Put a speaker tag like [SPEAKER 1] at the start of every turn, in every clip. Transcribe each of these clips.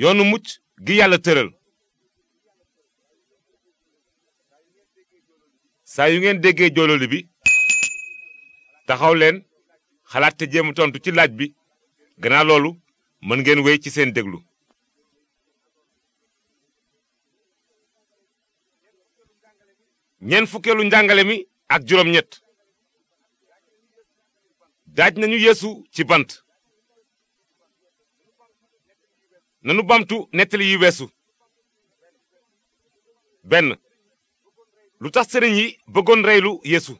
[SPEAKER 1] yoonu mucc gi yàlla tëral saa yu ngeen déggee joololi bi taxaw leen xalaat te jéem tontu ci laaj bi gannaaw loolu mën ngeen wéy ci seen déglu ñeent fukkeelu njàngale mi ak juróom ñett daaj nañu yeesu ci bant nanu bamtu nettali yi weesu benn lu tax sëriñ yi bëggoon reylu yeesu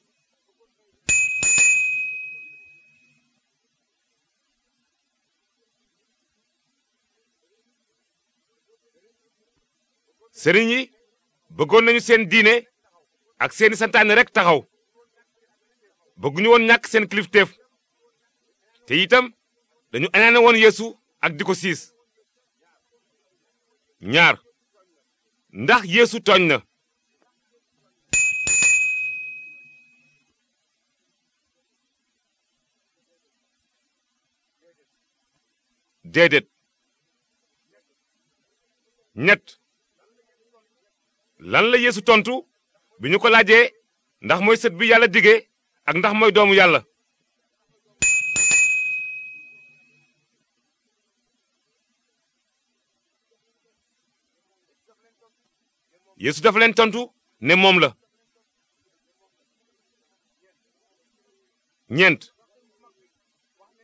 [SPEAKER 1] sëriñ yi bëggoon nañu seen diine ak seen santaane rekk taxaw bëgguñu woon ñàkk seen kilifteef te itam dañu añaane woon yeesu ak di ko siis ñaar ndax yéesu tooñ na déedéet ñett lan la yéesu tontu bi ñu ko laajee ndax mooy set bi yàlla dige ak ndax mooy doomu yàlla yéesu dafa leen tontu ne moom la ñeent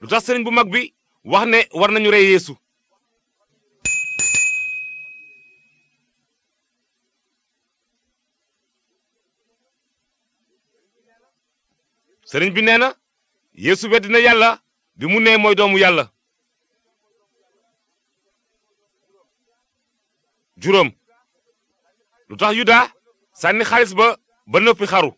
[SPEAKER 1] lu tax sëriñ bu mag bi wax ne war nañu rey yéesu sëriñ bi nee na Yeesu weddi yàlla bi mu nee mooy doomu yàlla juróom lu tax yuda sànni xaalis ba ba noppi xaru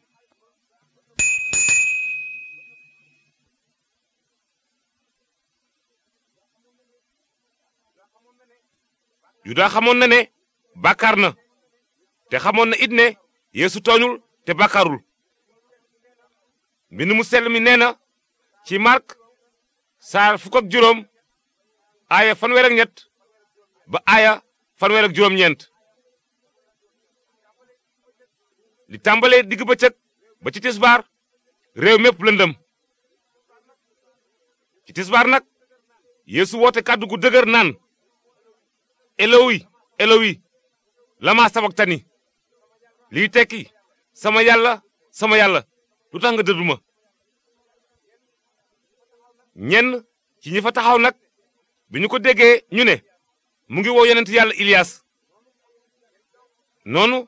[SPEAKER 1] yuda xamoon na ne bàkkaar na te xamoon na it ne yeesu tooñul te bàkkaarul mbind mu sell mi nee na ci mark saar fukk ak juróom aaya fanweer ñett ba aaya fanweer juróom-ñeent li tàmbalee digg bëccëg ba ci tisbaar réew mépp lëndëm ci tisbaar nag yeesu woote kàddu gu dëgër naan elowi elowi lama tani liy tekki sama yàlla sama yàlla lu tax nga dëddu ma ñenn ci ñi fa taxaw nag bi ñu ko déggee ñu ne mu ngi woo yonent yàlla Ilias noonu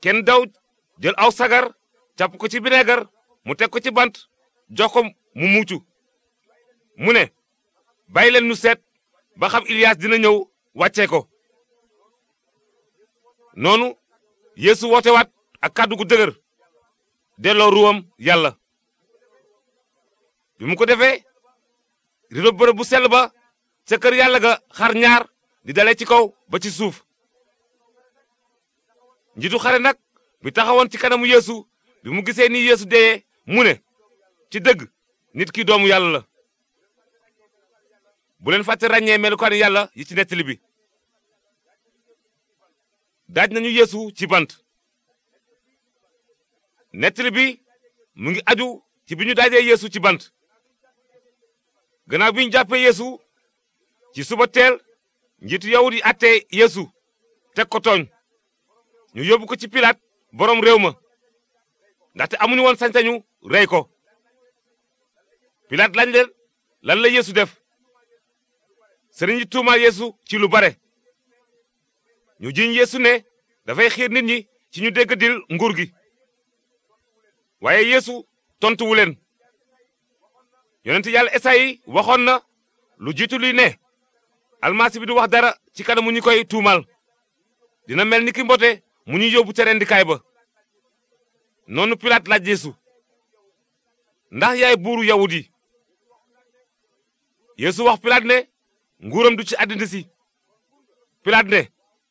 [SPEAKER 1] kenn daw jël aw sagar jàpp ko ci bineegar mu teg ko ci bant jox ko mu muucu mu ne bàyyi leen nu seet ba xam dina ñëw wàccee ko noonu yéesu wootewaat ak kàddu gu dëgër delloo ruwam yàlla bi mu ko defee rido bërëb bu sell ba ca kër yàlla ga xar ñaar di dale ci kaw ba ci suuf njiitu xare nag bi taxawoon ci kanamu yéesu bi mu gisee ni yeesu dee mu ne ci dëgg nit ki doomu yàlla la bu leen fàtte ràññee melukaani yàlla yi ci nettali bi daaj nañu yéesu ci bant nettali bi mu ngi aju ci bi ñu daajee yeesu ci bant gannaaw bi ñu jàppee yeesu ci suba teel njiitu yawut yi yéesu yeesu teg tooñ ñu yóbbu ci pilaat boroom réew ma ndaxte amuñu woon sañ-sañu rey ko pilaat laaj lan la yéesu def sëriñ yi yéesu ci lu bare ñu jiñ yeesu ne dafay xiir nit ñi ci ñu dégg dil nguur gi waaye yéesu tontuwu leen yonent yàlla esayi waxoon na lu jiitu luy ne almasi bi du wax dara ci kanamu ñi koy tuumaal dina mel ni ki mu ñu yóbbu ca rendikaay ba noonu pilaat laaj yeesu ndax yaay buuru yawut yi yeesu wax pilaat ne nguuram du ci àddina si pilaat ne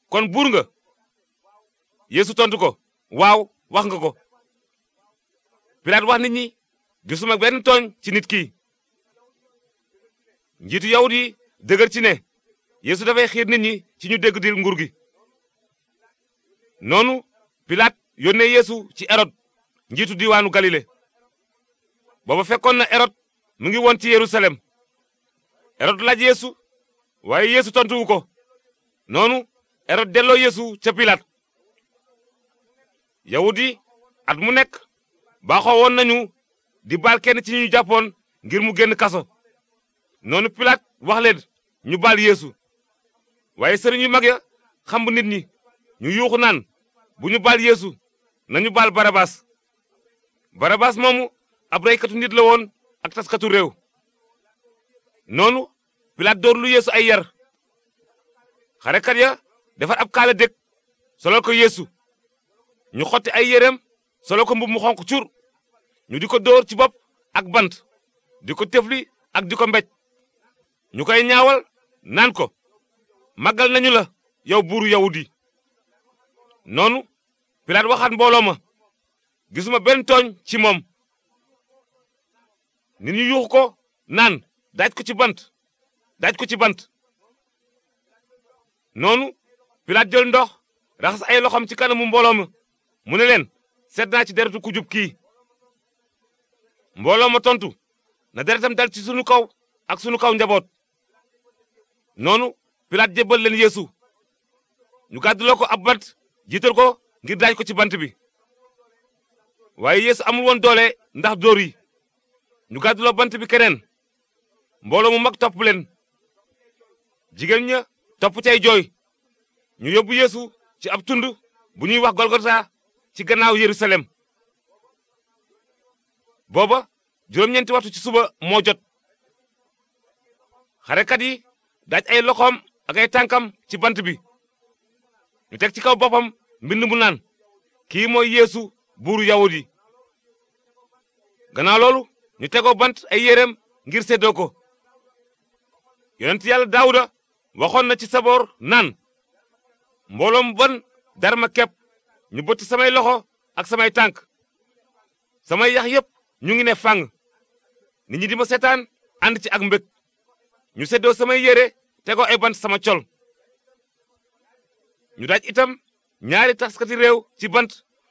[SPEAKER 1] kon buur nga yeesu tontu ko waaw wax nga ko pilaat wax nit ñi gisuma benn tooñ ci nit ki njiitu yawut yi dëgër ci ne yéesu dafay xiir nit ñi ci ñu dégg dil nguur gi noonu pilaat yónnee yeesu ci erod njiitu diwaanu galile booba fekkoon na erod mu ngi woon ci yerusalem erod laaj yéesu waaye yeesu tontuwu ko noonu erod delloo yéesu ca pilaat yawut at mu nekk baaxoo nañu di baal kenn ci ñu jàppoon ngir mu génn kaso noonu pilaat wax leen ñu baal yéesu waaye sëriñ yu mag ya xamb nit ñi ñu yuuxu naan bu ñu baal yeesu nañu baal barabaas barabaas moomu ab reykatu nit la woon ak taskatu réew noonu pilaat dóor lu yéesu ay yar kat ya defar ab kaala dég solal ko yéesu ñu xotti ay yéreem solal ko mbub mu xonq cuur ñu di ko dóor ci bopp ak bant di ko tëfli ak di ko mbéj ñu koy ñaawal naan ko màggal nañu la yow buuru yawudi noonu Pilaat waxaat mbooloo ma gisuma benn tooñ ci moom nit ñu yuuxu naan daaj ko ci bant daaj ko ci bant noonu Pilaat jël ndox raxas ay loxoom ci kanamu mbooloo ma mu ne leen seet naa ci deretu ku jub kii mbooloo ma tontu na deretam dal ci sunu kaw ak sunu kaw njaboot noonu Pilaat jébbal yéesu Yeesu ñu gàdduloo ko ab bant jiital ko ngir daaj ko ci bant bi waaye yeesu amul woon doole ndax dóor yi ñu gàdduloo bant bi keneen mbooloo mu mag topp leen jigéen ña topp cay jooy ñu yóbbu yéesu ci ab tund bu ñuy wax golgota ci gannaaw yerusalem booba juróom-ñeenti waxtu ci suba moo jot xarekat yi daaj ay loxoom ak ay tànkam ci bant bi ñu teg ci kaw boppam mbind mu naan kii mooy yéesu buur yawut yi loolu ñu tegoo bant ay yéreem ngir séddoo ko yonent yàlla daawuda waxoon na ci saboor nan mbooloom ban bon darma kepp ñu bëtt samay loxo ak samay tànk samay yax yépp ñu ngi ne fàng nit ñi di ma seetaan ànd ci ak mbég ñu séddoo samay yére tegoo ay bant sama col ñu daj itam ñaari taskati réew ci bant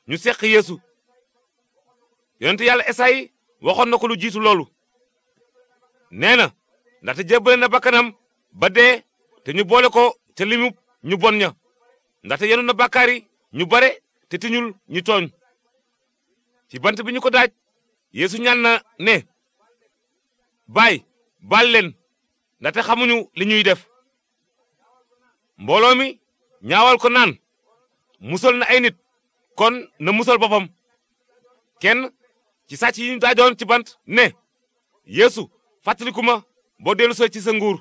[SPEAKER 1] ñu seq yeesu yonent yàlla esayi waxoon na ko lu jiitu loolu nee na ndaxte jébbale na bakkanam ba dee te ñu boole ko ca limub ñu bon ña ndaxte yenu na bàkkaari ñu bare te ñu tooñ ci bant bi ñu ko daaj yeesu ñaan na ne bay baal leen ndaxte xamuñu li ñuy def ñaawal ko naan musal na ay nit kon na musal boppam kenn ci sàcc yi ñu daajoon ci bant ne yeesu fàttaliku ma boo dellu soo ci sa nguur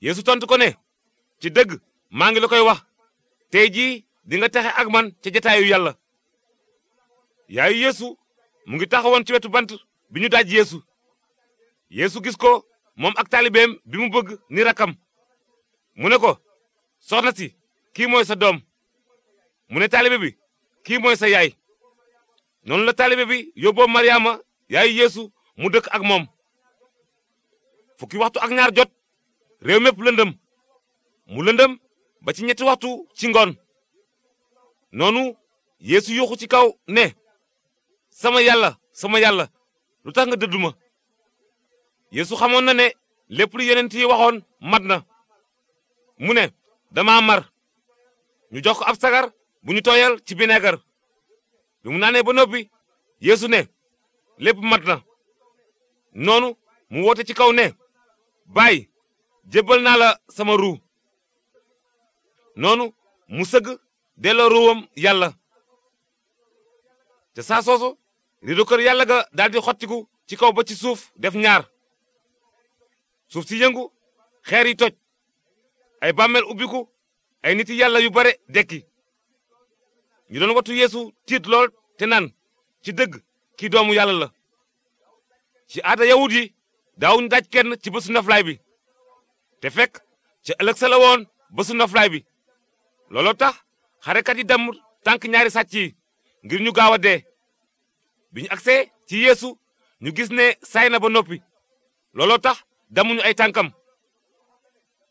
[SPEAKER 1] yeesu tontu ko ne ci dëgg maa ngi la koy wax tey jii dinga nga texe ak man ca jataayu yàlla yaayu yéesu mu ngi taxawoon ci wetu bant bi ñu daaj yéesu yéesu gis ko moom ak taalibeem bi mu bëgg ni rakkam mu ne ko soxna si kii mooy sa doom mu ne taalibe bi kii mooy sa yaay noonu la taalibe bi yóbboo Mariama yaay yéesu mu dëkk ak moom fukki waxtu ak ñaar jot réew mépp lëndëm mu lëndëm ba ci ñetti waxtu ci ngoon noonu yéesu yuuxu ci kaw ne sama yàlla sama yàlla lu tax nga dëddu ma yéesu xamoon na ne lépp lu yeneen yi waxoon mat na mu ne dama mar ñu jox ko ab sagar bu ñu tooyal ci bineegar bi mu naanee ba noppi yeesu ne lépp mat na noonu mu woote ci kaw ne baay jëbal naa la sama ruu noonu mu sëgg delloo ruwam yàlla te saa soosu kër yàlla ga daldi xottiku ci kaw ba ci suuf def ñaar suuf si yëngu xeer yi toj ay bàmmeel ubbiku ay nit yàlla yu bare dekki ñu doon wattu yeesu tiit lool te naan ci dëgg ki doomu yàlla la ci aada yawut yi daawuñu daaj kenn ci bésu noflaay bi te fekk ca ëllëg sa la woon bésu bi looloo tax xarekat yi dem tànk ñaari sàcc yi ngir ñu gaaw a dee bi ñu agsee ci yéesu ñu gis ne saay na ba noppi looloo tax damuñu ay tànkam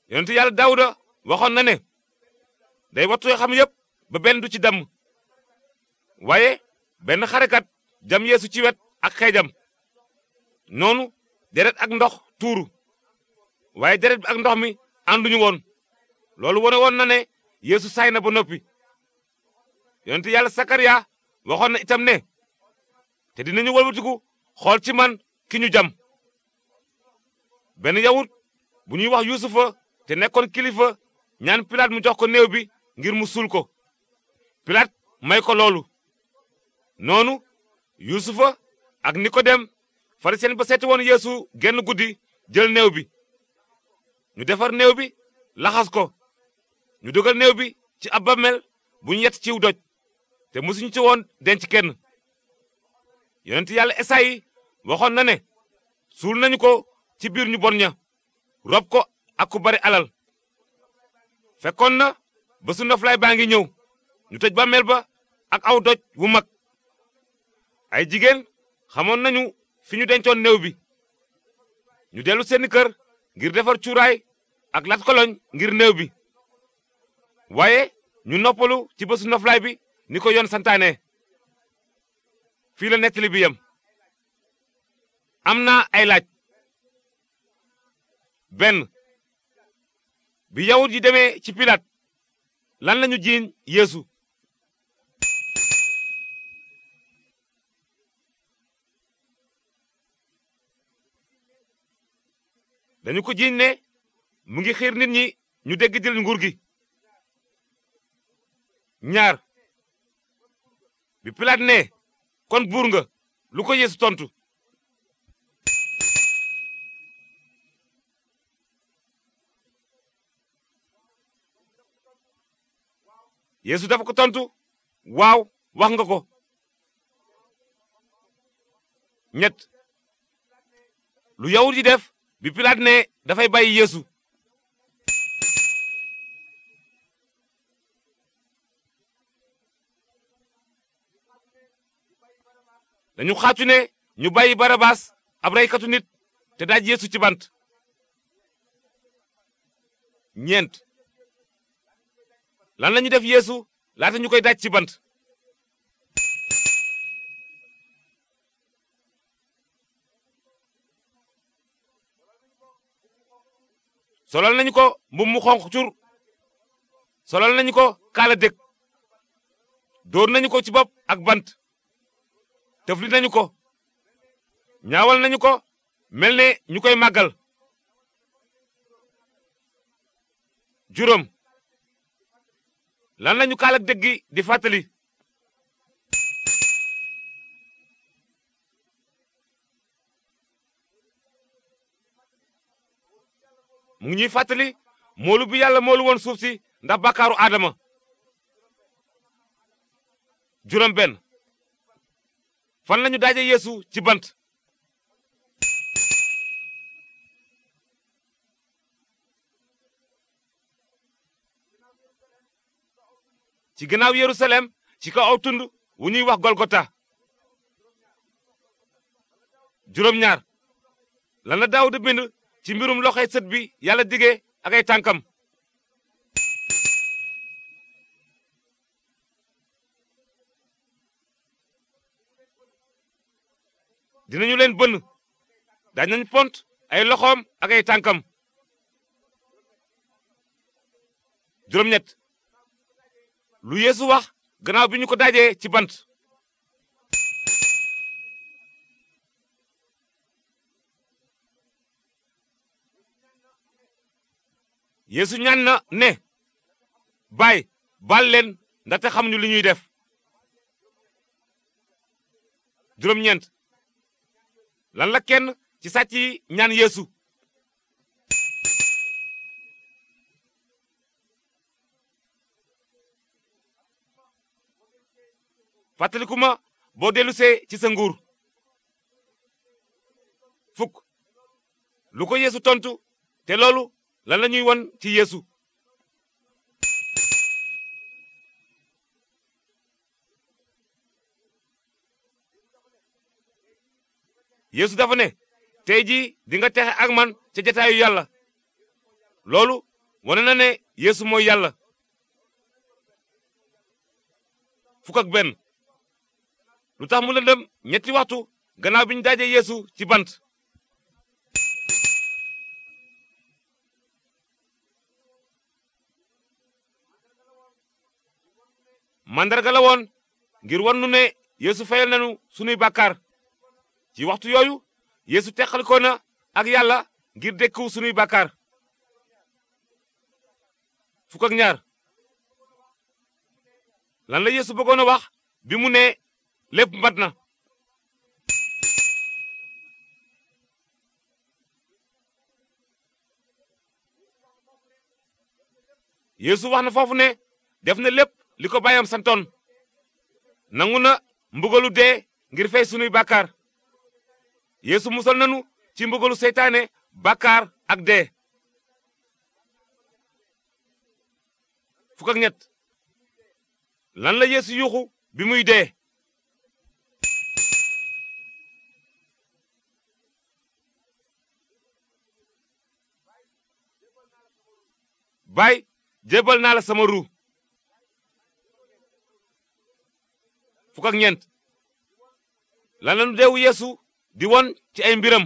[SPEAKER 1] yonent yàlla daawuda waxoon na ne day wattu xam yépp ba benn du ci damm waaye benn xarekat jam yéesu ci wet ak xeejam noonu deret ak ndox tuuru waaye deret bi ak ndox mi ànduñu woon loolu wone woon na ne yeesu saay na ba noppi yonent yàlla sakariya waxoon na itam ne te dinañu wëlbatiku xool ci man ki ñu jam benn yawut bu ñuy wax yuusufa te nekkoon kilifa ñaan pilaat mu jox ko néew bi ngir mu suul ko pilaat may ko loolu noonu yuusufa ak nikodem farisiyen ba seeti woon yeesu genn guddi jël néew bi ñu defar néew bi laxas ko ñu dugal néew bi ci ab bu ñu yett ciw doj te mësuñu ci woon denc kenn yonent yàlla esayi waxoon na ne suul nañu ko ci biir ñu bon ña rob ko ak ku bari alal fekkoon na ba su baa ngi ñëw ñu tëj bàmmeel ba ak aw doj wu mag ay jigéen xamoon nañu fi ñu dencoon néew bi ñu dellu seeni kër ngir defar cuuraay ak lat koloñ ngir néew bi waaye ñu noppalu ci bésu noflaay bi ni ko yoon santaane fii la nettali bi yem am naa ay laaj benn bi yawut yi demee ci pilaat lan lañu jiiñ yéesu dañu ko jiiñ ne mu ngi xiir nit ñi ñu dégg jël nguur gi ñaar bi pilaat ne kon buur nga lu ko yéesu tontu yéesu dafa ko tontu waaw wax nga ko ñett lu yawut yi def bi Pilaat ne dafay bàyyi yéesu dañu xaatu ne ñu bay Barabaas ab reykatu nit te daaj Yesu ci bant ñeent lan lañu def yéesu laata ñu koy daaj ci bant solal nañu ko mbubb mu xonq cur solal nañu ko kaala dég dóor nañu ko ci bopp ak bant tëfli nañu ko ñaawal nañu ko mel ne ñu koy màggal juróom lan lañu kaal ak dëgg di fàttali mu ngi ñuy fàttali moolu bi yàlla moolu woon suuf si ndax bakaaru aadama juróom benn fan lañu daaje yeesu ci bant ci gannaaw yerusalem ci kaw aw tund wu ñuy wax golgota juróom ñaar lana daawuda bind ci mbirum loxoy sët bi yàlla digee ak tànkam dinañu leen bënn daañu pont ay loxoom ak ay tànkam juróom ñett lu yéesu wax gannaaw bi ñu ko dajee ci bant yéesu ñaan na ne baay baal leen ndaxte xamuñu li ñuy def juróom-ñeent lan la kenn ci sàcc yi ñaan yéesu fàttaliku boo dellusee ci sa nguur fukk lu ko tontu te loolu lan la ñuy won ci yéesu yéesu dafa ne tey jii di nga texe ak man ca jataayu yàlla loolu wane na ne yeesu mooy yàlla fukk benn lu tax mu lëndëm ñetti waxtu ganaaw bi ñu daajee yéesu ci bant màndarga la woon ngir wan nu ne yeesu fayal nanu sunuy bàkkaar ci waxtu yooyu yéesu teqalikoo na ak yàlla ngir dékku sunuy bàkkaar fukk ak ñaar lan la wax bi mu ne lépp mat na yeesu wax na foofu ne def na lépp li ko baayam santoon nangu na mbugalu dee ngir fay sunuy bàkkaar yéesu musal nanu ci mbugalu seytaane bàkkaar ak dee fukk ak ñett lan la yeesu yuuxu bi muy dee baay jébbal naa la sama ruu fukk ak ñeent lan lañu deewu yeesu di won ci ay mbiram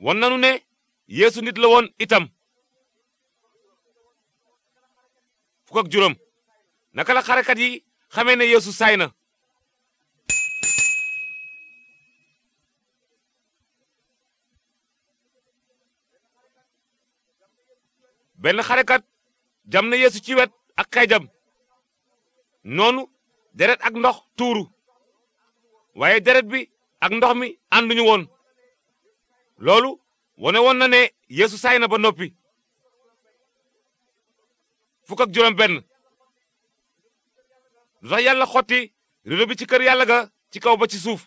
[SPEAKER 1] won nanu ne yéesu nit la woon itam fukk ak juróom naka la xarekat yi xamee ne yeesu saay na benn xarekat jam na yéesu ci wet ak xeejam noonu deret ak ndox tuuru waaye deret bi ak ndox mi ànduñu woon loolu wone woon na ne yéesu saay na ba noppi fukk ak juróom benn lu tax yàlla xotti rido bi ci kër yàlla ga ci kaw ba ci suuf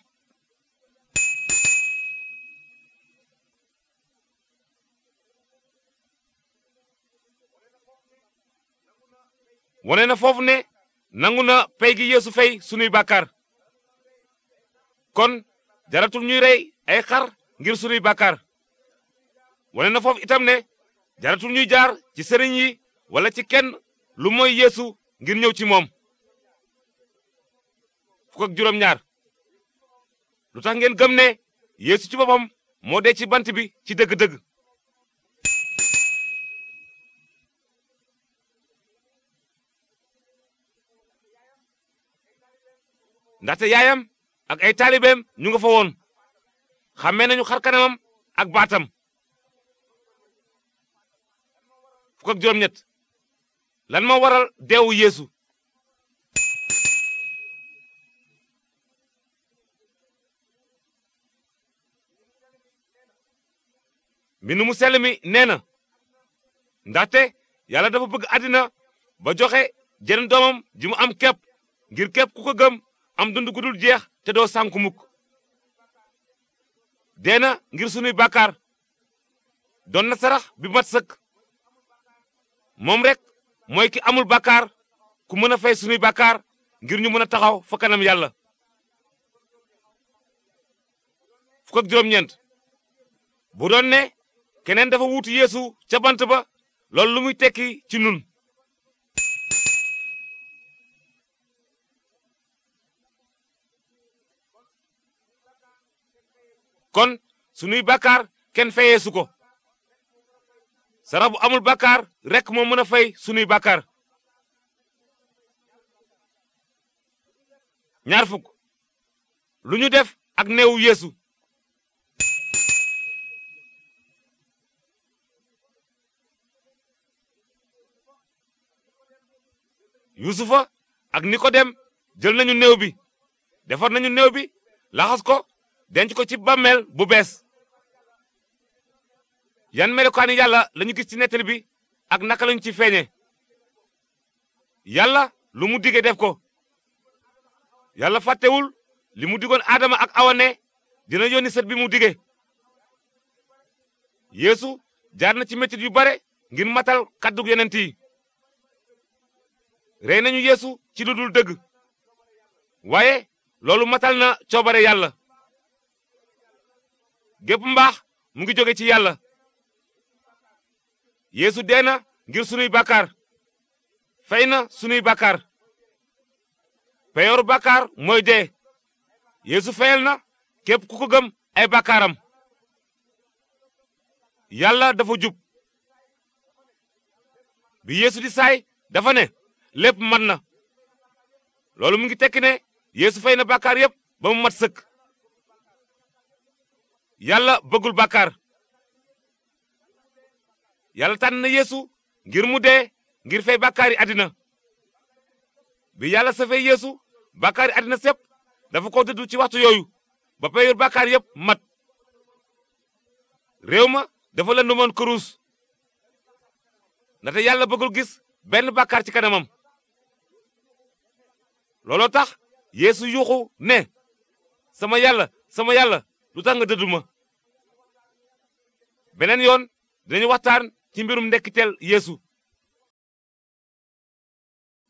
[SPEAKER 1] wane na foofu ne nangu na pey gi yéesu fey sunuy bàkkaar kon jaratul ñuy rey ay xar ngir sunuy bàkkaar wane na foofu itam ne jaratul ñuy jaar ci sëriñ yi wala ci kenn lu moy yéesu ngir ñëw ci moom fukk ak juróom ñaar lu tax ngeen gëm ne yéesu ci boppam moo de ci bant bi ci dëgg ndaxte yaayam ak ay taalibeem ñu nga fa woon xammee nañu xar kanamam ak baatam fukk ak juróom-ñett lan moo waral deewu yéesu mbind mu sell nee na ndaxte yàlla dafa bëgg àddina ba joxe jeneen doomam ji mu am képp ngir képp ku ko gëm am dund gu dul jeex te doo sànku mukk dee ngir sunuy bàkkaar doon na sarax bi mat sëkk moom rekk mooy ki amul bàkkaar ku mën a fay sunuy bakaar ngir ñu mën a taxaw fa kanam yàlla fu ak juróom-ñeent bu doon ne keneen dafa wuutu yéesu ca bant ba loolu lu muy tekki ci nun kon sunuy bàkkaar kenn feyeesu ko sarax bu amul bàkkaar rekk moo mën a fay sunuy bàkkaar ñaar lu ñu def ak néewu yéesu yusufa ak nikodem jël nañu néew bi defar nañu néew bi laxas ko denc ko ci bàmmeel bu bees yan melokaani yàlla lañu gis ci nettali bi ak naka lañu ci feeñe yàlla lu mu dige def ko yàlla fàttewul li mu digoon aadama ak awane dina yónni set bi mu dige yéesu jaar na ci metit yu bare ngir matal kàddug yonent yi rey nañu yeesu ci lu dul dëgg waaye loolu matal na coobare yàlla gépp mbaax mu ngi jóge ci yàlla yéesu dee na ngir sunuy bàkkaar fey na sunuy bàkkaar peyooru bàkkaar mooy dee yéesu feyal na képp ku ko gëm ay bàkkaaram yàlla dafa jub bi yeesu di saay dafa ne lépp mat na loolu mu ngi tekki ne yéesu fey na bàkkaar yépp ba mu mat sëkk yàlla bëggul bàkkaar yàlla tànn na yeesu ngir mu dee ngir fay bàkkaari àddina bi yàlla safee yeesu bàkkaari àddina sépp dafa koo dëddu ci waxtu yooyu ba payoor bàkkaar yépp mat réew ma dafa lëndëmoon kurus ndaxte yàlla bëggul gis benn bàkkaar ci kanamam looloo tax yéesu yuuxu ne sama yàlla sama yàlla lu tax nga dëddu ma beneen yoon dinañu waxtaan ci mbirum ndekkiteel yéesu